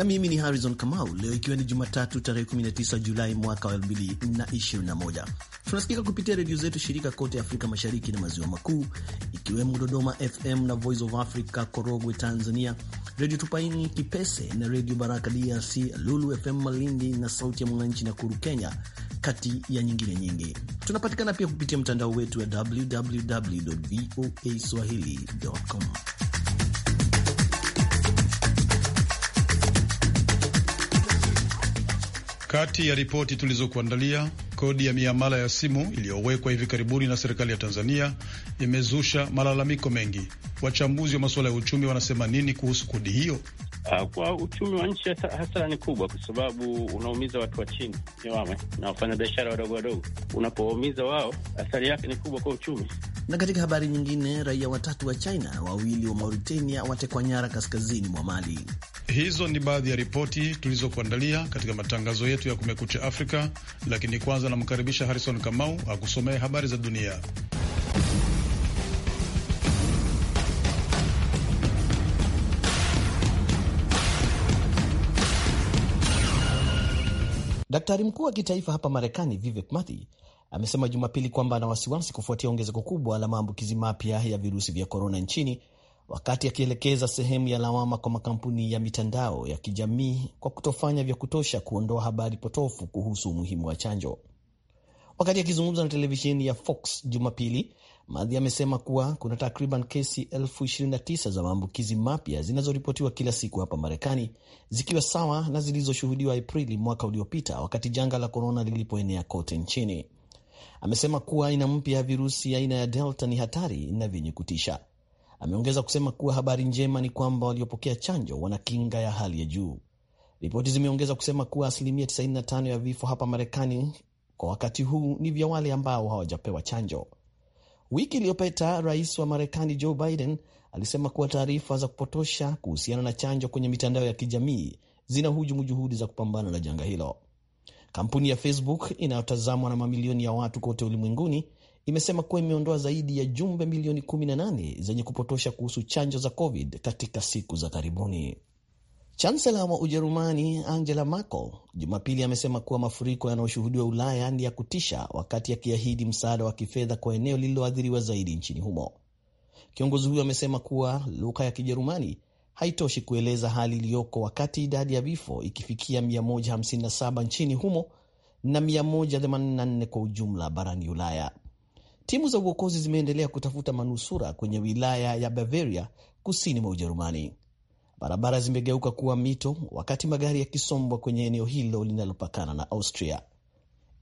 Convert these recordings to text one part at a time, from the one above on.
na mimi ni Harrison Kamau. Leo ikiwa ni Jumatatu tarehe 19 Julai mwaka wa 2021, tunasikika kupitia redio zetu shirika kote Afrika Mashariki na Maziwa Makuu, ikiwemo Dodoma FM na Voice of Africa Korogwe Tanzania, Redio Tupaini Kipese na Redio Baraka DRC, Lulu FM Malindi na Sauti ya Mwananchi na Kuru Kenya, kati ya nyingine nyingi. Tunapatikana pia kupitia mtandao wetu wa www voa swahili.com. Kati ya ripoti tulizokuandalia, kodi ya miamala ya simu iliyowekwa hivi karibuni na serikali ya Tanzania imezusha malalamiko mengi. Wachambuzi wa masuala ya uchumi wanasema nini kuhusu kodi hiyo? Uh, kwa uchumi wa nchi hasara ni kubwa, kwa sababu unaumiza watu wa chini niwame na wafanyabiashara wadogo wadogo. Unapowaumiza wao, athari yake ni kubwa kwa uchumi. Na katika habari nyingine, raia watatu wa China, wawili wa Mauritania watekwa nyara kaskazini mwa Mali. Hizo ni baadhi ya ripoti tulizokuandalia katika matangazo yetu ya Kumekucha Afrika, lakini kwanza namkaribisha Harrison Kamau akusomee habari za dunia. Daktari mkuu wa kitaifa hapa Marekani, Vivek Murthy, amesema Jumapili kwamba ana wasiwasi kufuatia ongezeko kubwa la maambukizi mapya ya virusi vya korona nchini, wakati akielekeza sehemu ya lawama kwa makampuni ya mitandao ya kijamii kwa kutofanya vya kutosha kuondoa habari potofu kuhusu umuhimu wa chanjo. Wakati akizungumza na televisheni ya Fox Jumapili, Madhi amesema kuwa kuna takriban kesi elfu 29 za maambukizi mapya zinazoripotiwa kila siku hapa Marekani, zikiwa sawa na zilizoshuhudiwa Aprili mwaka uliopita wakati janga la korona lilipoenea kote nchini. Amesema kuwa aina mpya ya virusi aina ya Delta ni hatari na vyenye kutisha. Ameongeza kusema kuwa habari njema ni kwamba waliopokea chanjo wana kinga ya hali ya juu. Ripoti zimeongeza kusema kuwa asilimia 95 ya vifo hapa Marekani kwa wakati huu ni vya wale ambao hawajapewa chanjo. Wiki iliyopita rais wa Marekani Joe Biden alisema kuwa taarifa za kupotosha kuhusiana na chanjo kwenye mitandao ya kijamii zinahujumu juhudi za kupambana na janga hilo. Kampuni ya Facebook inayotazamwa na mamilioni ya watu kote ulimwenguni imesema kuwa imeondoa zaidi ya jumbe milioni 18 zenye kupotosha kuhusu chanjo za COVID katika siku za karibuni. Chansela wa Ujerumani Angela Merkel Jumapili amesema kuwa mafuriko yanayoshuhudiwa Ulaya ni ya kutisha, wakati akiahidi msaada wa kifedha kwa eneo lililoathiriwa zaidi nchini humo. Kiongozi huyo amesema kuwa lugha ya Kijerumani haitoshi kueleza hali iliyoko, wakati idadi ya vifo ikifikia 157 nchini humo na 184 kwa ujumla barani Ulaya. Timu za uokozi zimeendelea kutafuta manusura kwenye wilaya ya Bavaria kusini mwa Ujerumani. Barabara zimegeuka kuwa mito, wakati magari yakisombwa kwenye eneo hilo linalopakana na Austria.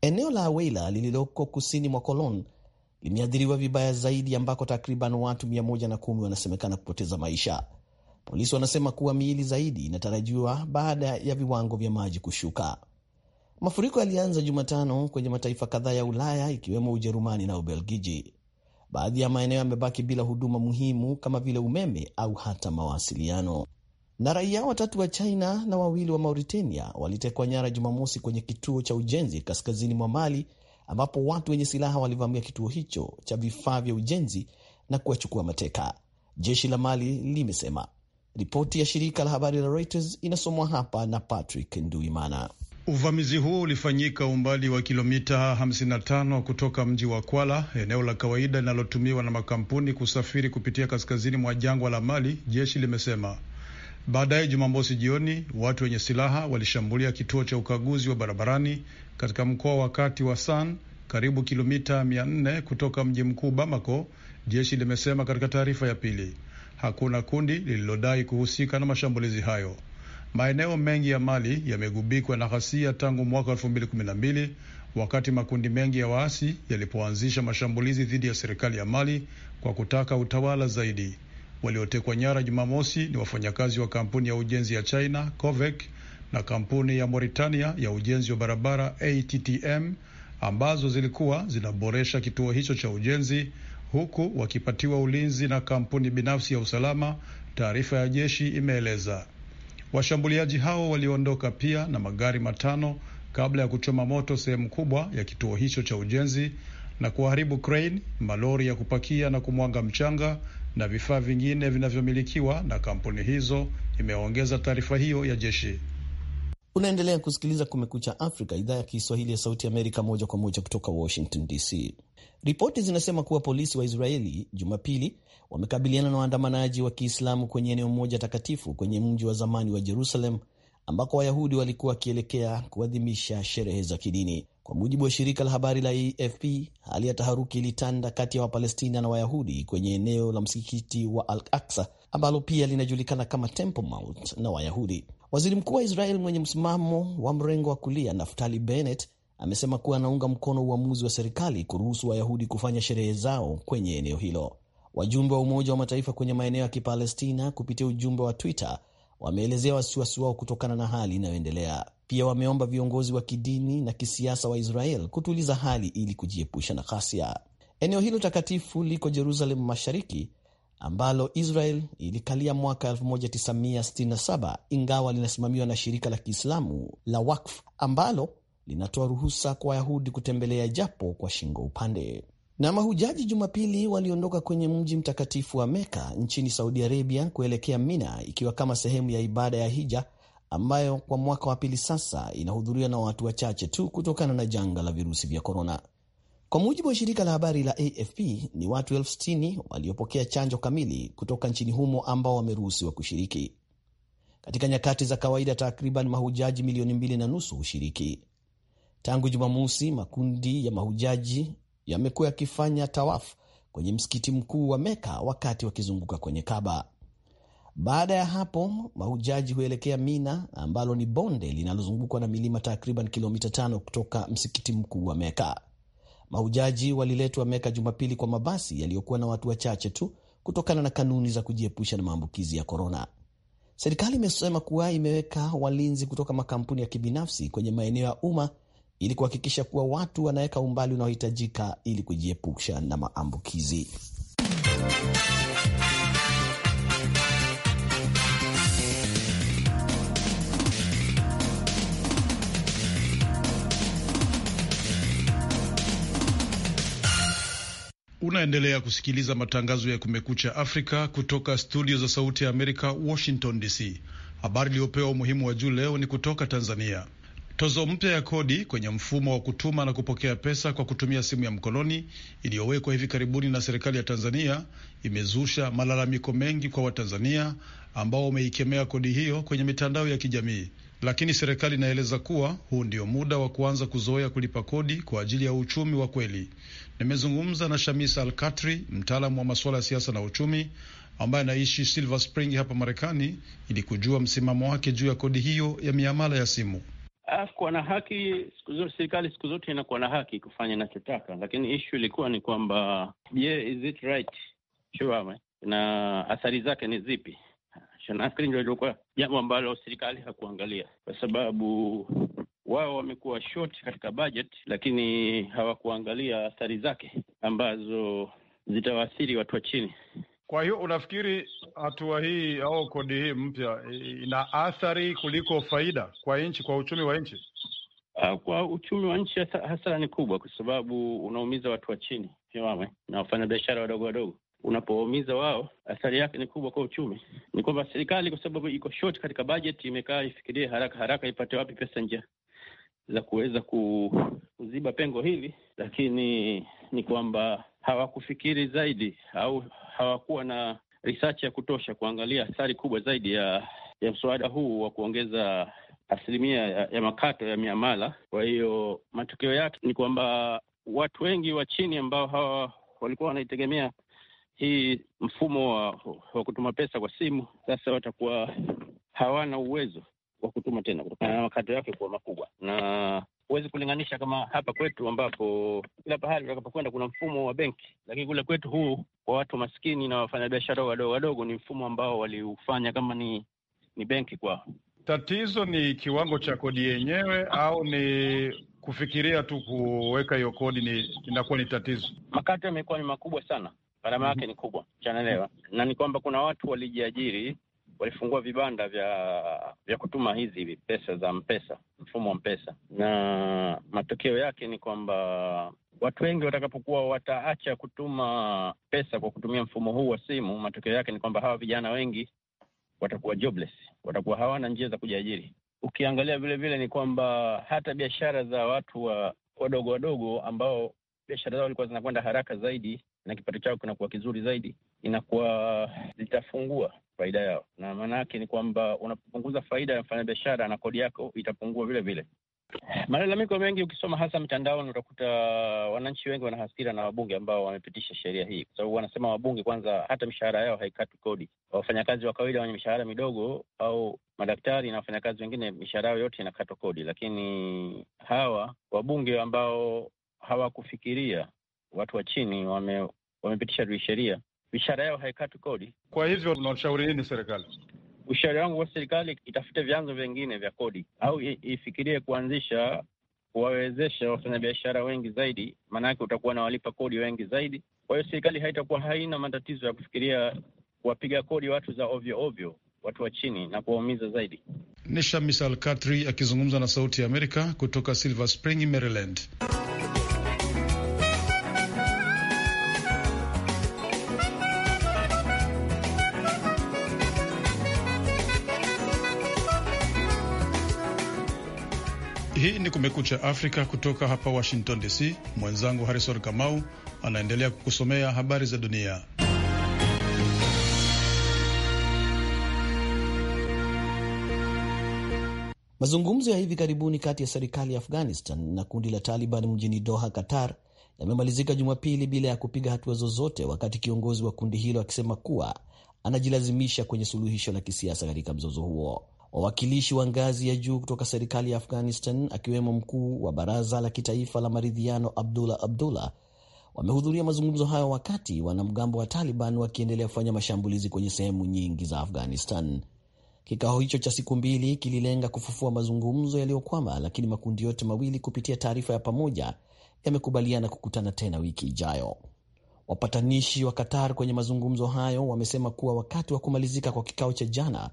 Eneo la Weila lililoko kusini mwa Cologne limeathiriwa vibaya zaidi, ambako takriban watu 110 wanasemekana kupoteza maisha. Polisi wanasema kuwa miili zaidi inatarajiwa baada ya viwango vya maji kushuka. Mafuriko yalianza Jumatano kwenye mataifa kadhaa ya Ulaya ikiwemo Ujerumani na Ubelgiji. Baadhi ya maeneo yamebaki bila huduma muhimu kama vile umeme au hata mawasiliano na raia watatu wa China na wawili wa Mauritania walitekwa nyara Jumamosi kwenye kituo cha ujenzi kaskazini mwa Mali, ambapo watu wenye silaha walivamia kituo hicho cha vifaa vya ujenzi na kuwachukua mateka, jeshi la Mali limesema. Ripoti ya shirika la habari la Reuters inasomwa hapa na Patrick Nduimana. Uvamizi huo ulifanyika umbali wa kilomita 55 kutoka mji wa Kwala, eneo la kawaida linalotumiwa na makampuni kusafiri kupitia kaskazini mwa jangwa la Mali, jeshi limesema. Baadaye Jumamosi jioni watu wenye silaha walishambulia kituo cha ukaguzi wa barabarani katika mkoa wa kati wa San, karibu kilomita 400 kutoka mji mkuu Bamako, jeshi limesema katika taarifa ya pili. Hakuna kundi lililodai kuhusika na mashambulizi hayo. Maeneo mengi ya Mali yamegubikwa na ghasia tangu mwaka 2012 wakati makundi mengi ya waasi yalipoanzisha mashambulizi dhidi ya serikali ya Mali kwa kutaka utawala zaidi. Waliotekwa nyara Jumamosi ni wafanyakazi wa kampuni ya ujenzi ya China Covec na kampuni ya Mauritania ya ujenzi wa barabara ATTM ambazo zilikuwa zinaboresha kituo hicho cha ujenzi huku wakipatiwa ulinzi na kampuni binafsi ya usalama, taarifa ya jeshi imeeleza. Washambuliaji hao waliondoka pia na magari matano kabla ya kuchoma moto sehemu kubwa ya kituo hicho cha ujenzi na kuharibu crane, malori ya kupakia na kumwanga mchanga na vifaa vingine vinavyomilikiwa na kampuni hizo, imeongeza taarifa hiyo ya jeshi. Unaendelea kusikiliza Kumekucha Afrika, idhaa ya Kiswahili ya Sauti Amerika, moja kwa moja kutoka Washington DC. Ripoti zinasema kuwa polisi wa Israeli Jumapili wamekabiliana na waandamanaji wa Kiislamu kwenye eneo moja takatifu kwenye mji wa zamani wa Jerusalem ambako Wayahudi walikuwa wakielekea kuadhimisha sherehe za kidini. Kwa mujibu wa shirika la habari la AFP, hali ya taharuki ilitanda kati ya Wapalestina na Wayahudi kwenye eneo la msikiti wa Al Aksa ambalo pia linajulikana kama Temple Mount na Wayahudi. Waziri mkuu wa Israel mwenye msimamo wa mrengo wa kulia Naftali Bennett amesema kuwa anaunga mkono uamuzi wa serikali kuruhusu Wayahudi kufanya sherehe zao kwenye eneo hilo. Wajumbe wa Umoja wa Mataifa kwenye maeneo ya Kipalestina kupitia ujumbe wa Twitter wameelezea wasiwasi wao kutokana na hali inayoendelea. Pia wameomba viongozi wa kidini na kisiasa wa Israel kutuliza hali ili kujiepusha na ghasia. Eneo hilo takatifu liko Jerusalemu Mashariki ambalo Israel ilikalia mwaka 1967 ingawa linasimamiwa na shirika la Kiislamu la Wakf ambalo linatoa ruhusa kwa Wayahudi kutembelea japo kwa shingo upande. Na mahujaji Jumapili waliondoka kwenye mji mtakatifu wa Meka nchini Saudi Arabia kuelekea Mina ikiwa kama sehemu ya ibada ya hija ambayo kwa mwaka wa pili sasa inahudhuriwa na watu wachache tu kutokana na janga la virusi vya korona. Kwa mujibu wa shirika la habari la AFP, ni watu elfu sitini waliopokea chanjo kamili kutoka nchini humo ambao wameruhusiwa kushiriki. Katika nyakati za kawaida, takriban mahujaji milioni mbili na nusu hushiriki. Tangu Jumamosi, makundi ya mahujaji yamekuwa yakifanya tawafu kwenye msikiti mkuu wa Meka wakati wakizunguka kwenye Kaba. Baada ya hapo mahujaji huelekea Mina ambalo ni bonde linalozungukwa na milima takriban kilomita tano kutoka msikiti mkuu wa Meka. Mahujaji waliletwa Meka Jumapili kwa mabasi yaliyokuwa na watu wachache tu kutokana na kanuni za kujiepusha na maambukizi ya korona. Serikali imesema kuwa imeweka walinzi kutoka makampuni ya kibinafsi kwenye maeneo ya umma ili kuhakikisha kuwa watu wanaweka umbali unaohitajika ili kujiepusha na maambukizi. Unaendelea kusikiliza matangazo ya Kumekucha Afrika kutoka studio za Sauti ya Amerika, Washington DC. Habari iliyopewa umuhimu wa juu leo ni kutoka Tanzania. Tozo mpya ya kodi kwenye mfumo wa kutuma na kupokea pesa kwa kutumia simu ya mkononi iliyowekwa hivi karibuni na serikali ya Tanzania imezusha malalamiko mengi kwa Watanzania ambao wameikemea kodi hiyo kwenye mitandao ya kijamii lakini serikali inaeleza kuwa huu ndio muda wa kuanza kuzoea kulipa kodi kwa ajili ya uchumi wa kweli. Nimezungumza na Shamis Al Katri, mtaalamu wa masuala ya siasa na uchumi ambaye anaishi Silver Spring hapa Marekani, ili kujua msimamo wake juu ya kodi hiyo ya miamala ya simu. Ah, kuwa na haki siku zote, serikali siku zote inakuwa na haki kufanya inachotaka, lakini ishu ilikuwa ni kwamba je, yeah, is it right? na athari zake ni zipi? cha nafikiri ndio ilikuwa jambo ambalo serikali hakuangalia kwa sababu wao wamekuwa short katika budget, lakini hawakuangalia athari zake ambazo zitawaathiri watu wa chini. Kwa hiyo unafikiri hatua hii au kodi hii mpya ina athari kuliko faida kwa nchi, kwa uchumi wa nchi? Ah, kwa uchumi wa nchi hasara ni kubwa, kwa sababu unaumiza watu wa chini, simame eh, na wafanyabiashara wadogo wadogo unapowaumiza wao, athari yake ni kubwa kwa uchumi. Ni kwamba serikali kwa sababu iko short katika bajeti, imekaa ifikirie haraka haraka ipate wapi pesa njia za kuweza kuziba pengo hili, lakini ni kwamba hawakufikiri zaidi au hawakuwa na research ya kutosha kuangalia athari kubwa zaidi ya ya mswada huu wa kuongeza asilimia ya, ya makato ya miamala. Kwa hiyo matokeo yake ni kwamba watu wengi wa chini ambao hawa walikuwa wanaitegemea hii mfumo wa, wa kutuma pesa kwa simu sasa watakuwa hawana uwezo wa kutuma tena kutokana na makato yake kuwa makubwa, na huwezi kulinganisha kama hapa kwetu ambapo kila pahali utakapokwenda kuna mfumo wa benki, lakini kule kwetu huu kwa watu maskini na wafanyabiashara wadogo wadogo ni mfumo ambao waliufanya kama ni, ni benki kwao. Tatizo ni kiwango cha kodi yenyewe au ni kufikiria tu kuweka hiyo kodi? Ni inakuwa ni tatizo, makato yamekuwa ni makubwa sana gharama mhm. yake ni kubwa, chanelewa na ni kwamba kuna watu walijiajiri, walifungua vibanda vya vya kutuma hizi pesa za Mpesa, mfumo wa Mpesa, na matokeo yake ni kwamba watu wengi watakapokuwa wataacha kutuma pesa kwa kutumia mfumo huu wa simu, matokeo yake ni kwamba hawa vijana wengi watakuwa jobless, watakuwa hawana njia za kujiajiri. Ukiangalia vile vile ni kwamba hata biashara za watu wa wadogo wadogo ambao biashara zao zilikuwa zinakwenda haraka zaidi na kipato chao kinakuwa kizuri zaidi, inakuwa litafungua faida yao, na maana yake ni kwamba unapopunguza faida ya mfanyabiashara na kodi yako itapungua vile vile. Malalamiko mengi ukisoma hasa mtandaoni utakuta wananchi wengi wana hasira na wabunge ambao wamepitisha sheria hii, kwa sababu wanasema wabunge kwanza hata mishahara yao haikatwi kodi. Wafanyakazi wa kawaida wenye mishahara midogo au madaktari na wafanyakazi wengine, mishahara yao yote inakatwa kodi, lakini hawa wabunge ambao hawakufikiria watu wa chini wame wamepitisha sheria, mishahara yao haikati kodi. Kwa hivyo unaushauri nini serikali? Ushauri wangu kwa serikali, itafute vyanzo vingine vya kodi au ifikirie kuanzisha kuwawezesha wafanyabiashara wengi zaidi, maanake utakuwa na walipa kodi wengi zaidi. Kwa hiyo serikali haitakuwa haina matatizo ya kufikiria kuwapiga kodi watu za ovyo ovyo, watu wa chini na kuwaumiza zaidi. Ni Misal Katri akizungumza na Sauti ya Amerika kutoka Silver Spring, Maryland. Hii ni Kumekucha Afrika kutoka hapa Washington DC. Mwenzangu Harrison Kamau anaendelea kukusomea habari za dunia. Mazungumzo ya hivi karibuni kati ya serikali ya Afghanistan na kundi la Taliban mjini Doha, Qatar, yamemalizika Jumapili bila ya kupiga hatua zozote, wakati kiongozi wa kundi hilo akisema kuwa anajilazimisha kwenye suluhisho la kisiasa katika mzozo huo. Wawakilishi wa ngazi ya juu kutoka serikali ya Afghanistan, akiwemo mkuu wa baraza la kitaifa la maridhiano Abdullah Abdullah, wamehudhuria mazungumzo hayo wakati wanamgambo wa Taliban wakiendelea kufanya mashambulizi kwenye sehemu nyingi za Afghanistan. Kikao hicho cha siku mbili kililenga kufufua mazungumzo yaliyokwama, lakini makundi yote mawili kupitia taarifa ya pamoja yamekubaliana kukutana tena wiki ijayo. Wapatanishi wa Qatar kwenye mazungumzo hayo wamesema kuwa wakati wa kumalizika kwa kikao cha jana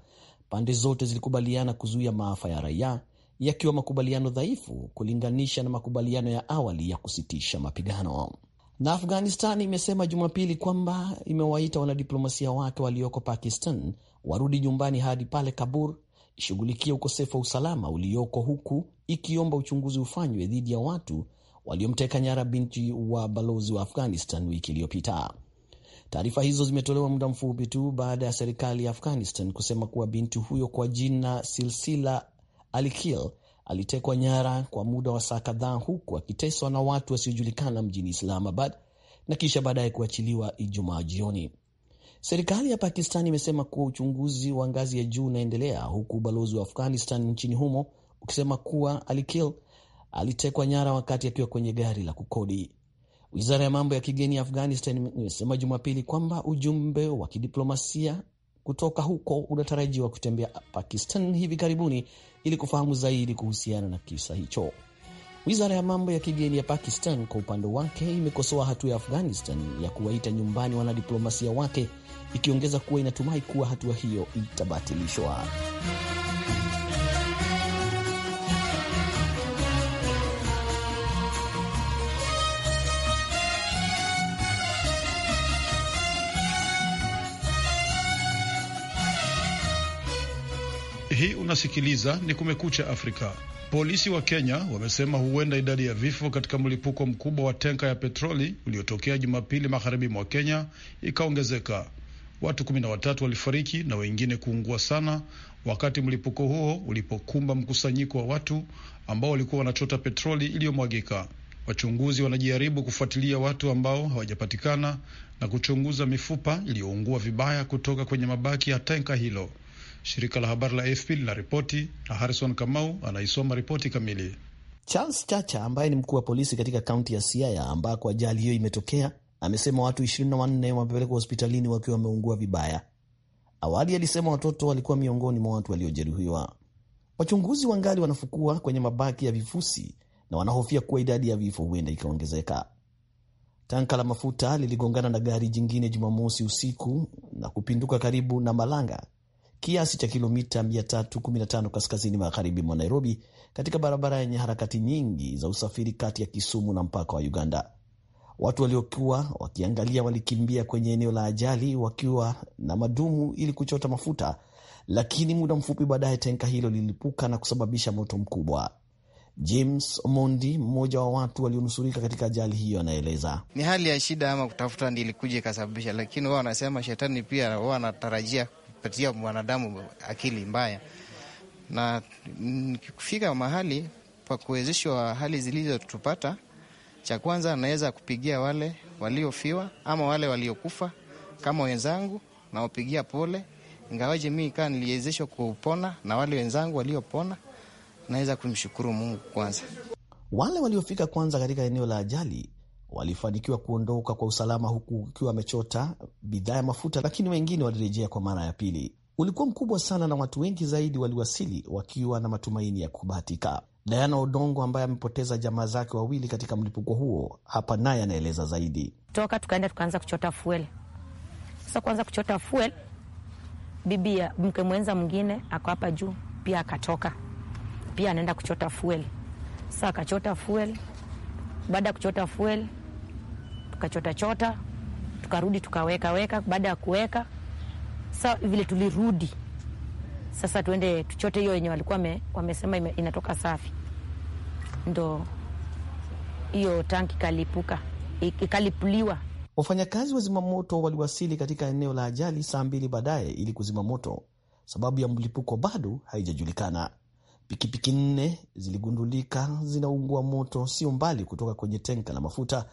Pande zote zilikubaliana kuzuia maafa ya raia, yakiwa makubaliano dhaifu kulinganisha na makubaliano ya awali ya kusitisha mapigano. Na Afghanistan imesema Jumapili kwamba imewaita wanadiplomasia wake walioko Pakistan warudi nyumbani hadi pale Kabul ishughulikia ukosefu wa usalama ulioko, huku ikiomba uchunguzi ufanywe dhidi ya watu waliomteka nyara binti wa balozi wa Afghanistan wiki iliyopita. Taarifa hizo zimetolewa muda mfupi tu baada ya serikali ya Afghanistan kusema kuwa binti huyo kwa jina Silsila Alikil alitekwa nyara kwa muda wa saa kadhaa huku akiteswa na watu wasiojulikana mjini Islamabad na kisha baadaye kuachiliwa Ijumaa jioni. Serikali ya Pakistan imesema kuwa uchunguzi wa ngazi ya juu unaendelea huku ubalozi wa Afghanistan nchini humo ukisema kuwa Alikil alitekwa nyara wakati akiwa kwenye gari la kukodi. Wizara ya mambo ya kigeni ya Afghanistan imesema Jumapili kwamba ujumbe wa kidiplomasia kutoka huko unatarajiwa kutembea Pakistan hivi karibuni ili kufahamu zaidi kuhusiana na kisa hicho. Wizara ya mambo ya kigeni ya Pakistan kwa upande wake imekosoa hatua ya Afghanistan ya kuwaita nyumbani wanadiplomasia wake, ikiongeza kuwa inatumai kuwa hatua hiyo itabatilishwa. hii unasikiliza ni Kumekucha Afrika. Polisi wa Kenya wamesema huenda idadi ya vifo katika mlipuko mkubwa wa tenka ya petroli uliotokea Jumapili magharibi mwa Kenya ikaongezeka. Watu kumi na watatu walifariki na wengine kuungua sana wakati mlipuko huo ulipokumba mkusanyiko wa watu ambao walikuwa wanachota petroli iliyomwagika. Wachunguzi wanajaribu kufuatilia watu ambao hawajapatikana na kuchunguza mifupa iliyoungua vibaya kutoka kwenye mabaki ya tenka hilo. Shirika la habari la AFP linaripoti na Harrison Kamau anaisoma ripoti kamili. Charles Chacha ambaye ni mkuu wa polisi katika kaunti ya Siaya ambako ajali hiyo imetokea amesema watu 24 wamepelekwa hospitalini wakiwa wameungua vibaya. Awali alisema watoto walikuwa miongoni mwa watu waliojeruhiwa. Wachunguzi wangali wanafukua kwenye mabaki ya vifusi na wanahofia kuwa idadi ya vifo huenda ikaongezeka. Tanka la mafuta liligongana na gari jingine Jumamosi usiku na kupinduka karibu na Malanga kiasi cha kilomita 315 kaskazini magharibi mwa Nairobi, katika barabara yenye harakati nyingi za usafiri kati ya Kisumu na mpaka wa Uganda. Watu waliokuwa wakiangalia walikimbia kwenye eneo la ajali wakiwa na madumu ili kuchota mafuta, lakini muda mfupi baadaye tenka hilo lilipuka na kusababisha moto mkubwa. James Omondi, mmoja wa watu walionusurika katika ajali hiyo, anaeleza. Ni hali ya shida ama kutafuta, ndi ilikuja ikasababisha, lakini wao wanasema shetani pia wao wanatarajia inampatia mwanadamu akili mbaya, na kufika mahali pa kuwezeshwa hali zilizotupata, cha kwanza anaweza kupigia wale waliofiwa ama wale waliokufa kama wenzangu, nawapigia pole, ingawaje mi kaa niliwezeshwa kupona na wale wenzangu waliopona, naweza kumshukuru Mungu kwanza. Wale waliofika kwanza katika eneo la ajali walifanikiwa kuondoka kwa usalama huku ukiwa wamechota bidhaa ya mafuta, lakini wengine walirejea kwa mara ya pili. Ulikuwa mkubwa sana na watu wengi zaidi waliwasili wakiwa na matumaini ya kubahatika. Diana Odongo ambaye amepoteza jamaa zake wawili katika mlipuko huo, hapa naye anaeleza zaidi. Toka tukaenda tukaanza kuchota fuel. Sasa kuanza kuchota fuel, bibi ya mke mwenza mwingine ako hapa juu pia akatoka pia anaenda kuchota fuel. Sasa akachota fuel baada ya kuchota fuel tukachota chota tukarudi tukaweka weka. Baada ya kuweka sa vile tulirudi sasa, tuende tuchote hiyo yenye walikuwa wamesema inatoka safi, ndo hiyo tanki ikalipuka ikalipuliwa. Wafanyakazi wa zimamoto waliwasili katika eneo la ajali saa mbili baadaye ili kuzima moto. Sababu ya mlipuko bado haijajulikana. Pikipiki nne ziligundulika zinaungua moto sio mbali kutoka kwenye tenka la mafuta,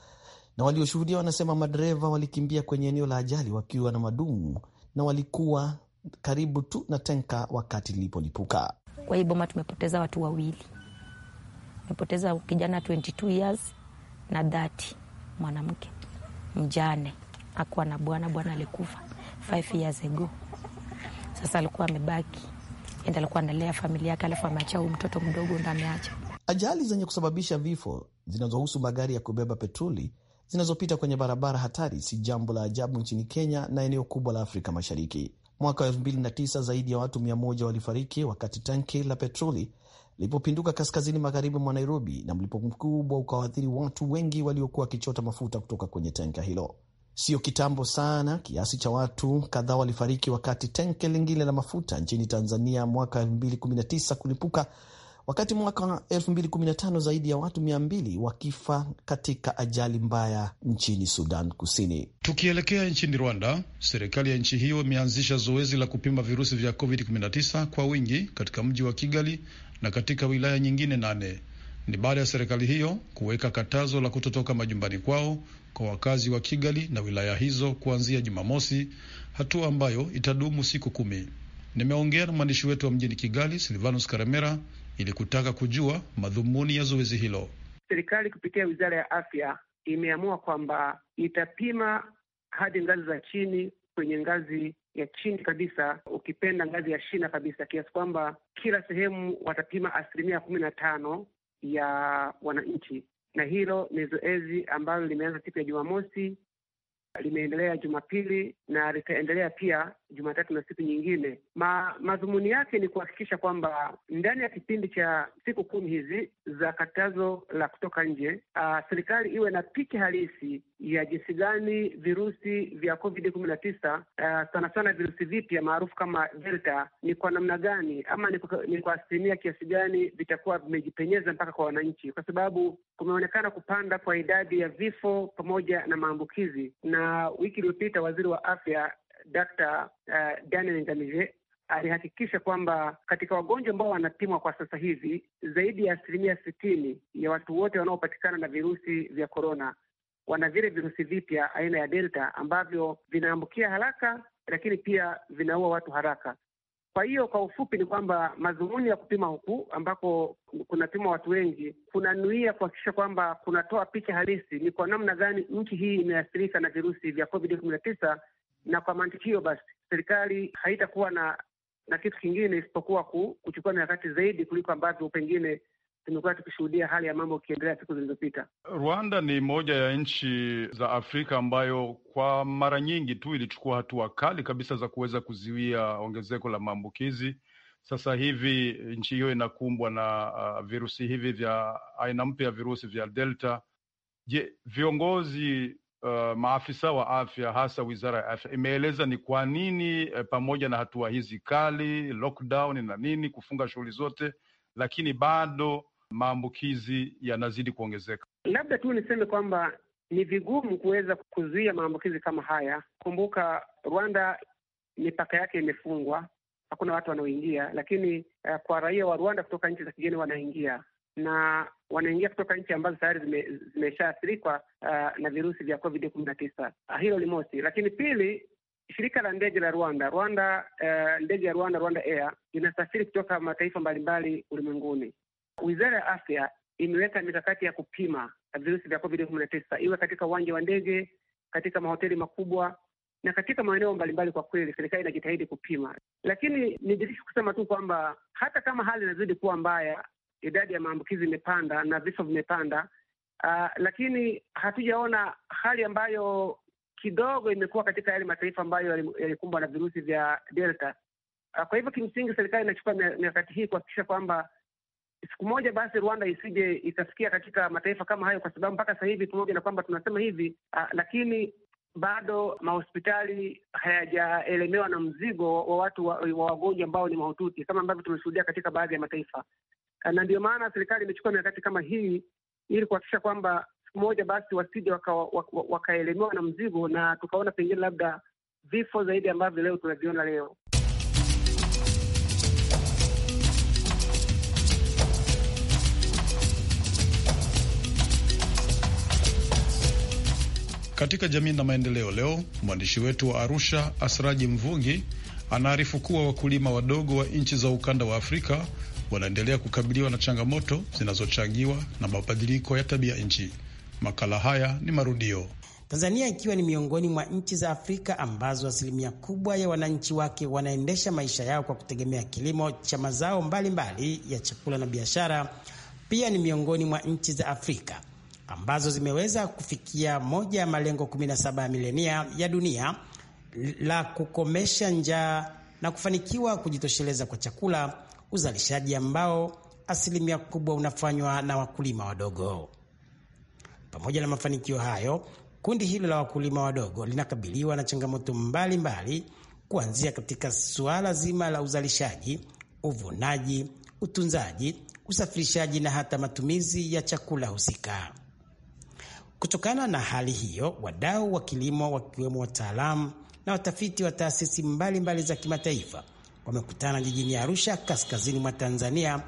na walioshuhudia wanasema madereva walikimbia kwenye eneo la ajali wakiwa na madumu na walikuwa karibu tu na tenka wakati lilipolipuka. Kwa hii boma tumepoteza watu wawili, tumepoteza kijana 22 years na dhati mwanamke mjane akuwa na bwana. Bwana alikufa 5 years ago, sasa alikuwa amebaki enda alikuwa analea familia yake, alafu ameacha huyu mtoto mdogo ndo ameacha. Ajali zenye kusababisha vifo zinazohusu magari ya kubeba petroli zinazopita kwenye barabara hatari si jambo la ajabu nchini Kenya na eneo kubwa la Afrika Mashariki. Mwaka wa 2009 zaidi ya watu 100 walifariki wakati tanki la petroli lilipopinduka kaskazini magharibi mwa Nairobi, na mlipuko mkubwa ukawaathiri watu wengi waliokuwa wakichota mafuta kutoka kwenye tanka hilo. Sio kitambo sana kiasi cha watu kadhaa walifariki wakati tenke lingine la mafuta nchini Tanzania mwaka 2019 kulipuka, wakati mwaka 2015 zaidi ya watu 200 wakifa katika ajali mbaya nchini Sudan Kusini. Tukielekea nchini Rwanda, serikali ya nchi hiyo imeanzisha zoezi la kupima virusi vya COVID-19 kwa wingi katika mji wa Kigali na katika wilaya nyingine nane. Ni baada ya serikali hiyo kuweka katazo la kutotoka majumbani kwao kwa wakazi wa Kigali na wilaya hizo kuanzia Jumamosi, hatua ambayo itadumu siku kumi. Nimeongea na mwandishi wetu wa mjini Kigali, Silvanus Karemera, ili kutaka kujua madhumuni ya zoezi hilo. Serikali kupitia wizara ya afya imeamua kwamba itapima hadi ngazi za chini, kwenye ngazi ya chini kabisa, ukipenda ngazi ya shina kabisa, kiasi kwamba kila sehemu watapima asilimia kumi na tano ya wananchi na hilo ni zoezi ambalo limeanza siku ya Jumamosi limeendelea Jumapili na litaendelea pia Jumatatu na siku nyingine. Ma, madhumuni yake ni kuhakikisha kwamba ndani ya kipindi cha siku kumi hizi za katazo la kutoka nje, uh, serikali iwe na picha halisi ya jinsi gani virusi vya COVID kumi na tisa, sana sana virusi vipya maarufu kama Delta, ni kwa namna gani ama ni ni kwa asilimia kiasi gani vitakuwa vimejipenyeza mpaka kwa wananchi, kwa sababu kumeonekana kupanda kwa idadi ya vifo pamoja na maambukizi na na wiki iliyopita waziri wa afya Dr. uh, eh, Daniel Ngamije alihakikisha kwamba katika wagonjwa ambao wanapimwa kwa sasa hivi zaidi ya asilimia sitini ya watu wote wanaopatikana na virusi vya korona wana vile virusi vipya aina ya delta ambavyo vinaambukia haraka, lakini pia vinaua watu haraka. Kwa hiyo kwa ufupi ni kwamba madhumuni ya kupima huku ambako kunapimwa watu wengi kunanuia kuhakikisha kwamba kunatoa picha halisi ni kwa namna gani nchi hii imeathirika na virusi vya Covid kumi na tisa, na kwa mantiki hiyo basi serikali haitakuwa na na kitu kingine isipokuwa kuchukua mikakati zaidi kuliko ambavyo pengine tumekuwa tukishuhudia hali ya mambo ikiendelea siku zilizopita. Rwanda ni moja ya nchi za Afrika ambayo kwa mara nyingi tu ilichukua hatua kali kabisa za kuweza kuzuia ongezeko la maambukizi. Sasa hivi nchi hiyo inakumbwa na uh, virusi hivi vya aina mpya ya virusi vya Delta. Je, viongozi Uh, maafisa wa afya hasa wizara ya afya imeeleza ni kwa nini eh, pamoja na hatua hizi kali lockdown na nini kufunga shughuli zote, lakini bado maambukizi yanazidi kuongezeka. Labda tu niseme kwamba ni vigumu kuweza kuzuia maambukizi kama haya. Kumbuka Rwanda mipaka yake imefungwa, hakuna watu wanaoingia, lakini uh, kwa raia wa Rwanda kutoka nchi za kigeni wanaingia na wanaingia kutoka nchi ambazo tayari zimeshaathirikwa zime uh, na virusi vya Covid kumi ah, na tisa. Hilo ni mosi, lakini pili, shirika la ndege la Rwanda Rwanda uh, ndege ya Rwanda Rwanda Air inasafiri kutoka mataifa mbalimbali ulimwenguni. Wizara ya Afya imeweka mikakati ya kupima virusi vya COVID kumi na tisa, iwe katika uwanja wa ndege, katika mahoteli makubwa na katika maeneo mbalimbali. Kwa kweli, serikali inajitahidi kupima, lakini nijitishi kusema tu kwamba hata kama hali inazidi kuwa mbaya, idadi ya maambukizi imepanda na vifo vimepanda, uh, lakini hatujaona hali ambayo kidogo imekuwa katika yale mataifa ambayo yalikumbwa na virusi vya Delta. Ah, kwa hivyo kimsingi, serikali inachukua mikakati hii kuhakikisha kwamba siku moja basi Rwanda isije ikafikia katika mataifa kama hayo, kwa sababu mpaka sasa hivi pamoja na kwamba tunasema hivi a, ah, lakini bado mahospitali hayajaelemewa na mzigo wa watu wa wagonjwa ambao ni mahututi kama ambavyo tumeshuhudia katika baadhi ya mataifa, ah, na ndio maana serikali imechukua mikakati kama hii ili kuhakikisha kwamba siku moja basi wasije wakaelemewa waka na mzigo na tukaona pengine labda vifo zaidi ambavyo leo tunaviona leo. Katika jamii na maendeleo leo, mwandishi wetu wa Arusha Asraji Mvungi anaarifu kuwa wakulima wadogo wa nchi za ukanda wa Afrika wanaendelea kukabiliwa na changamoto zinazochangiwa na mabadiliko ya tabia nchi. Makala haya ni marudio. Tanzania ikiwa ni miongoni mwa nchi za Afrika ambazo asilimia kubwa ya wananchi wake wanaendesha maisha yao kwa kutegemea kilimo cha mazao mbalimbali mbali ya chakula na biashara, pia ni miongoni mwa nchi za Afrika ambazo zimeweza kufikia moja ya malengo 17 ya milenia ya dunia la kukomesha njaa na kufanikiwa kujitosheleza kwa chakula, uzalishaji ambao asilimia kubwa unafanywa na wakulima wadogo. Pamoja na mafanikio hayo, kundi hilo la wakulima wadogo linakabiliwa na changamoto mbalimbali, kuanzia katika suala zima la uzalishaji, uvunaji, utunzaji, usafirishaji na hata matumizi ya chakula husika. Kutokana na hali hiyo, wadau wa kilimo wakiwemo wataalamu na watafiti wa taasisi mbalimbali za kimataifa wamekutana jijini Arusha, kaskazini mwa Tanzania,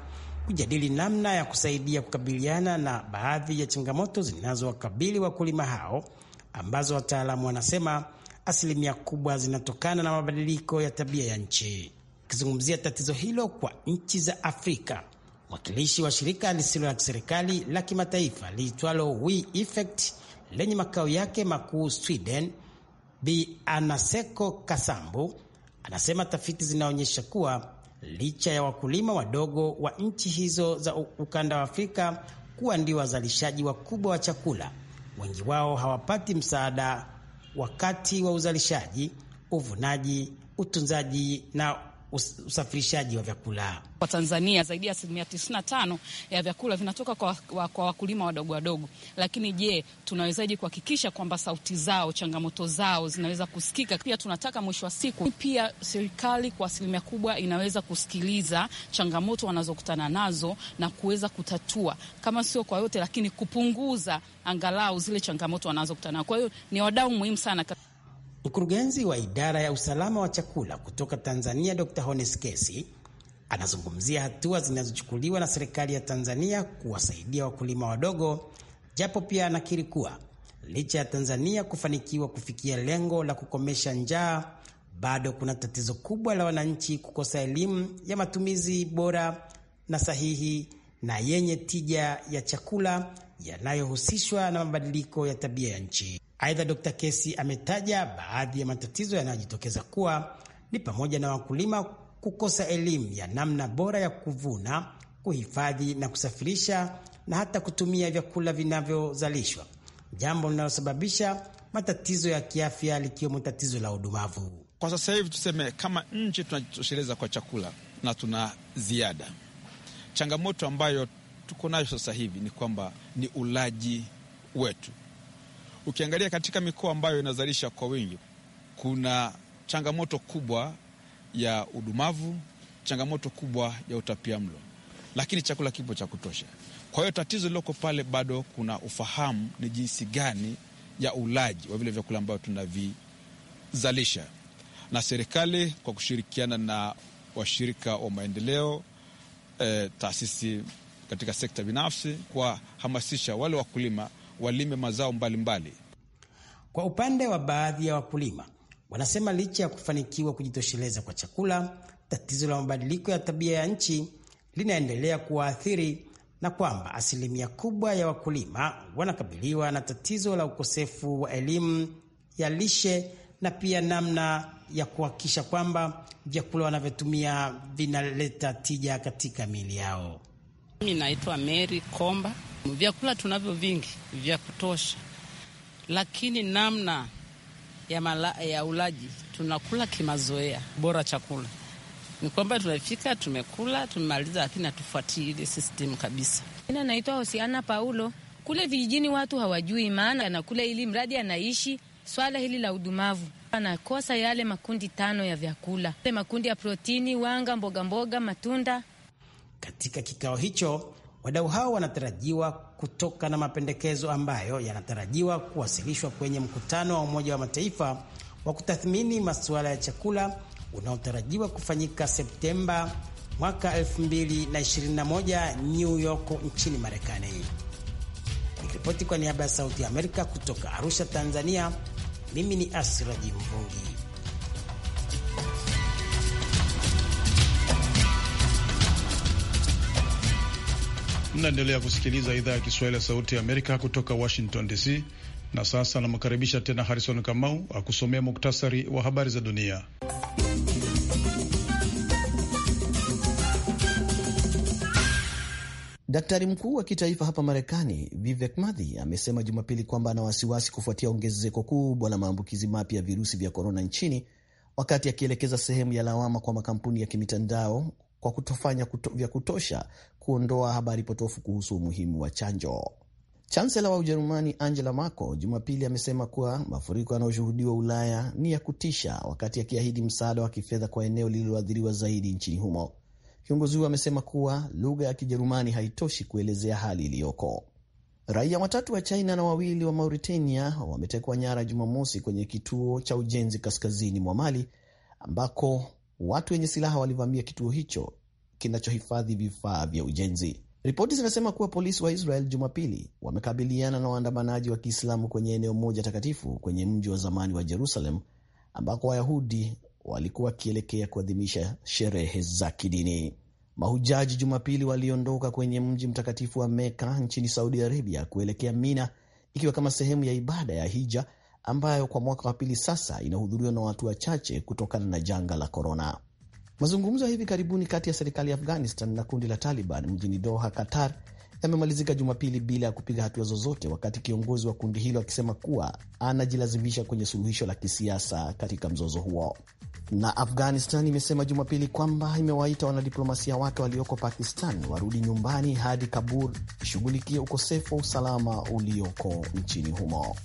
kujadili namna ya kusaidia kukabiliana na baadhi ya changamoto zinazowakabili wakulima hao ambazo wataalamu wanasema asilimia kubwa zinatokana na mabadiliko ya tabia ya nchi. Akizungumzia tatizo hilo kwa nchi za Afrika, mwakilishi wa shirika lisilo la kiserikali la kimataifa liitwalo We Effect lenye makao yake makuu Sweden, Bi Anaseko Kasambu anasema tafiti zinaonyesha kuwa licha ya wakulima wadogo wa nchi hizo za ukanda wa Afrika kuwa ndio wazalishaji wakubwa wa chakula, wengi wao hawapati msaada wakati wa uzalishaji, uvunaji, utunzaji na usafirishaji wa vyakula kwa Tanzania, zaidi ya asilimia tano ya vyakula vinatoka kwa, kwa, kwa wakulima wadogo wadogo. Lakini je, tunawezaje kuhakikisha kwamba sauti zao, changamoto zao zinaweza kusikika? Pia tunataka mwisho wa siku, pia serikali kwa asilimia kubwa inaweza kusikiliza changamoto wanazokutana nazo na kuweza kutatua, kama sio kwa yote, lakini kupunguza angalau zile changamoto wanazokutana nazo. Kwa hiyo ni wadau muhimu sana. Mkurugenzi wa idara ya usalama wa chakula kutoka Tanzania, Dr. Hones Kesi anazungumzia hatua zinazochukuliwa na serikali ya Tanzania kuwasaidia wakulima wadogo, japo pia anakiri kuwa licha ya Tanzania kufanikiwa kufikia lengo la kukomesha njaa, bado kuna tatizo kubwa la wananchi kukosa elimu ya matumizi bora na sahihi na yenye tija ya chakula yanayohusishwa na mabadiliko ya tabia ya nchi. Aidha, Dr. Kesi ametaja baadhi ya matatizo yanayojitokeza kuwa ni pamoja na wakulima kukosa elimu ya namna bora ya kuvuna, kuhifadhi na kusafirisha na hata kutumia vyakula vinavyozalishwa, jambo linalosababisha matatizo ya kiafya likiwemo tatizo la udumavu. Kwa sasa hivi tuseme, kama nchi tunajitosheleza kwa chakula na tuna ziada. Changamoto ambayo tuko nayo sasa hivi ni kwamba ni ulaji wetu Ukiangalia katika mikoa ambayo inazalisha kwa wingi, kuna changamoto kubwa ya udumavu, changamoto kubwa ya utapiamlo, lakini chakula kipo cha kutosha. Kwa hiyo tatizo lilioko pale bado kuna ufahamu ni jinsi gani ya ulaji wa vile vyakula ambavyo tunavizalisha, na serikali kwa kushirikiana na washirika wa maendeleo eh, taasisi katika sekta binafsi kuwahamasisha wale wakulima walime mazao mbalimbali mbali. Kwa upande wa baadhi ya wakulima wanasema licha ya kufanikiwa kujitosheleza kwa chakula, tatizo la mabadiliko ya tabia ya nchi linaendelea kuwaathiri na kwamba asilimia kubwa ya wakulima wanakabiliwa na tatizo la ukosefu wa elimu ya lishe na pia namna ya kuhakikisha kwamba vyakula wanavyotumia vinaleta tija katika miili yao. Mimi naitwa Mary Komba. Vyakula tunavyo vingi vya kutosha, lakini namna ya, mala, ya ulaji tunakula kimazoea. Bora chakula ni kwamba tumefika, tumekula, tumemaliza, lakini hatufuatii ile system kabisa. Mimi naitwa Hosiana Paulo. Kule vijijini watu hawajui maana anakula ili mradi anaishi. Swala hili la udumavu anakosa yale makundi tano ya vyakula, makundi ya protini, wanga, mbogamboga, mboga, matunda katika kikao hicho, wadau hao wanatarajiwa kutoka na mapendekezo ambayo yanatarajiwa kuwasilishwa kwenye mkutano wa Umoja wa Mataifa wa kutathmini masuala ya chakula unaotarajiwa kufanyika Septemba mwaka 2021 New York nchini Marekani. Nikiripoti kwa niaba ya Sauti ya Amerika kutoka Arusha, Tanzania, mimi ni Asiraji Mvungi. Mnaendelea kusikiliza idhaa ya Kiswahili ya Sauti ya Amerika kutoka Washington DC, na sasa anamkaribisha tena Harrison Kamau akusomea muktasari wa habari za dunia. Daktari mkuu wa kitaifa hapa Marekani Vivek Murthy amesema Jumapili kwamba ana wasiwasi kufuatia ongezeko kubwa la maambukizi mapya ya virusi vya korona nchini, wakati akielekeza sehemu ya lawama kwa makampuni ya kimitandao kwa kutofanya kuto, vya kutosha kuondoa habari potofu kuhusu umuhimu wa chanjo. Chansela wa Ujerumani Angela Merkel Jumapili amesema kuwa mafuriko yanayoshuhudiwa Ulaya ni ya kutisha, wakati akiahidi msaada wa kifedha kwa eneo lililoathiriwa zaidi nchini humo. Kiongozi huyo amesema kuwa lugha ya Kijerumani haitoshi kuelezea hali iliyoko. Raia watatu wa China na wawili wa Mauritania wametekwa nyara Jumamosi kwenye kituo cha ujenzi kaskazini mwa Mali, ambako watu wenye silaha walivamia kituo hicho kinachohifadhi vifaa vya ujenzi. Ripoti zinasema kuwa polisi wa Israel Jumapili wamekabiliana na waandamanaji wa Kiislamu kwenye eneo moja takatifu kwenye mji wa zamani wa Jerusalem ambako Wayahudi walikuwa wakielekea kuadhimisha sherehe za kidini. Mahujaji Jumapili waliondoka kwenye mji mtakatifu wa Meka nchini Saudi Arabia kuelekea Mina, ikiwa kama sehemu ya ibada ya hija ambayo kwa mwaka wa pili sasa inahudhuriwa na watu wachache kutokana na janga la korona. Mazungumzo ya hivi karibuni kati ya serikali ya Afghanistan na kundi la Taliban mjini Doha, Qatar, yamemalizika Jumapili bila ya kupiga hatua zozote, wakati kiongozi wa kundi hilo akisema kuwa anajilazimisha kwenye suluhisho la kisiasa katika mzozo huo. Na Afghanistan imesema Jumapili kwamba imewaita wanadiplomasia wake walioko Pakistan warudi nyumbani hadi Kabul ishughulikie ukosefu wa usalama ulioko nchini humo.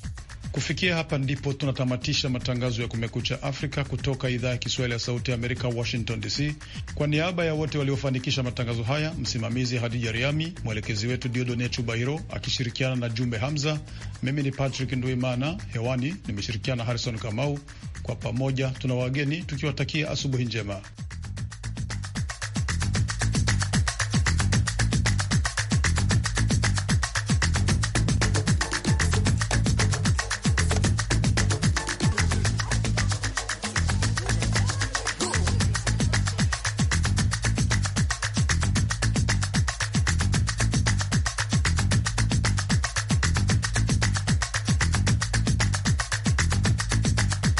Kufikia hapa ndipo tunatamatisha matangazo ya Kumekucha Afrika kutoka idhaa ya Kiswahili ya Sauti ya Amerika, Washington DC. Kwa niaba ya wote waliofanikisha matangazo haya, msimamizi Hadija Riami, mwelekezi wetu Diodone Chubahiro akishirikiana na Jumbe Hamza, mimi ni Patrick Nduimana hewani nimeshirikiana na Harrison Kamau. Kwa pamoja tuna wageni tukiwatakia asubuhi njema.